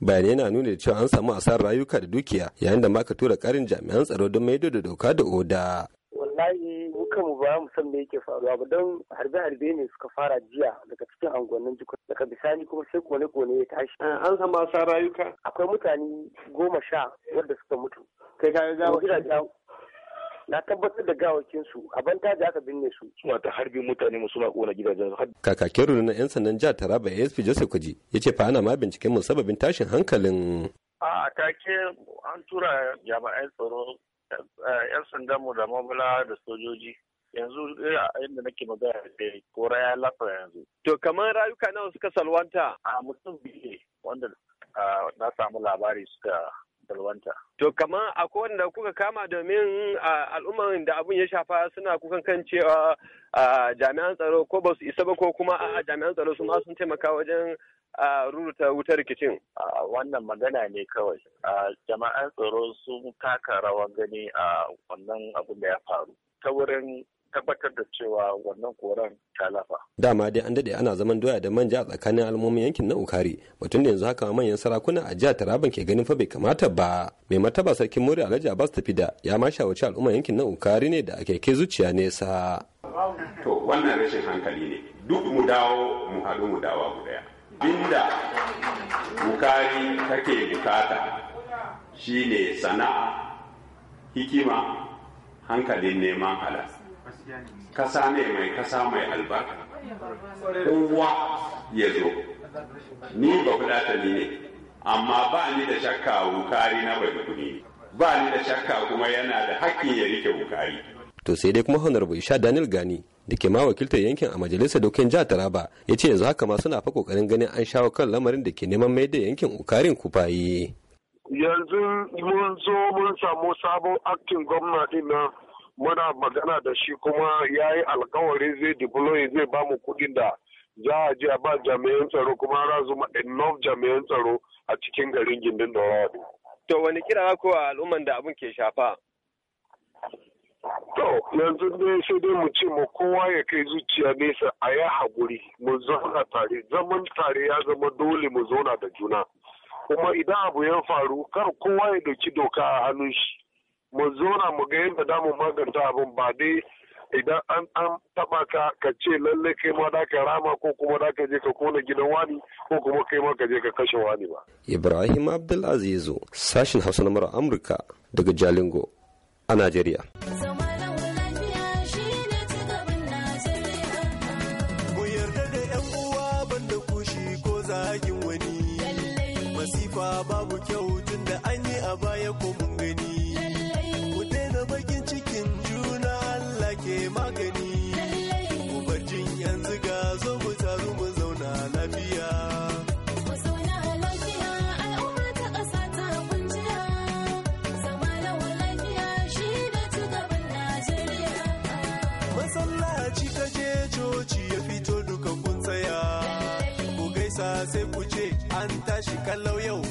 bayanai na nuna da cewa an samu asarar rayuka da dukiya yayin da maka tura karin jami'an tsaro don maido da doka da oda wallahi mu mu ba mu san me yake faruwa ba don harbe-harbe ne suka fara jiya daga cikin angonin jiko daga bisani kuma sai kone-kone ya tashi eh, an samu asarar rayuka akwai mutane goma sha wadda suka mutu kai ka ga na tabbatar da gawakin su a da aka binne su Kuma ta harbin mutane musu na kona gidajen su kakakin rundunar yan sandan jihar Taraba ASP Joseph Kuji yace fa ana ma binciken sababin tashin hankalin a take an tura jami'an tsaro yan sandan mu da mabula da sojoji yanzu eh, inda nake magana da kora ya lafa yanzu to kamar rayuka nawa suka salwanta a mutum biye wanda ah, na samu labari suka salwanta. To kamar akwai wanda kuka kama domin al'ummar da abun ya shafa suna kukan kan cewa jami'an tsaro ko ba su isa ba ko kuma a jami'an tsaro su ma sun taimaka wajen ruruta wutar rikicin. Wannan magana ne kawai. Jama'an tsaro sun taka rawar gani a wannan abun da ya faru. Ta wurin tabbatar da cewa wannan koran ta lafa. Dama dai an dade ana zaman doya da manja a tsakanin al'ummomin yankin na Ukari batun da yanzu haka manyan sarakuna a jihar Taraban ke ganin fa bai kamata ba. Mai martaba sarkin Mori Alhaji Abbas Tafida ya ma shawarci al'ummar yankin na Ukari ne da ake ke zuciya nesa. To wannan rashin hankali ne duk mu dawo mu haɗu mu dawa guda. Binda Ukari take bukata shine sana'a hikima hankalin neman halas kasa ne mai kasa mai albarka kowa ya zo ni ba fulatani ne amma ba ni da shakka wukari na bai kuni ba ni da shakka kuma yana da hakkin ya rike wukari to sai dai kuma honorable isha daniel gani da ke ma wakiltar yankin a majalisar dokin jihar taraba ya ce yanzu haka ma suna fa kokarin ganin an shawo kan lamarin da ke neman mai da yankin ukarin kufayi yanzu mun zo mun samu sabon aktin gwamnati na muna magana da shi kuma ya yi alkawari zai deploy zai ba mu kudin da za a je a ba jami'an tsaro kuma razuma enough jami'an tsaro a cikin garin gindin da To wani kira ko al'umman da abin ke shafa? To yanzu dai sai dai mu ce mu kowa ya kai zuciya nesa a ya haƙuri mu zauna tare zaman tare ya zama dole mu zauna da juna. Kuma idan abu ya faru kar kowa ya doki doka a hannun shi. mu zona mu ga yadda damu maganta abin ba dai idan an an taba ka ka ce lalle kai ma da ka rama ko kuma da ka je ka kona gidan wani ko kuma kai ma ka je ka kashe wani ba Ibrahim Abdulaziz sashin Hausa na Amurka daga Jalingo a Najeriya kwa babu kyau tun da an yi a baya ko mun gani. Ku daina bakin cikin juna Allah ke magani. Ku bar jin yan ziga zo mu taru mu zauna lafiya. Masallaci kaje coci ya fito duka kun ku gaisa sai ku an tashi kallau yau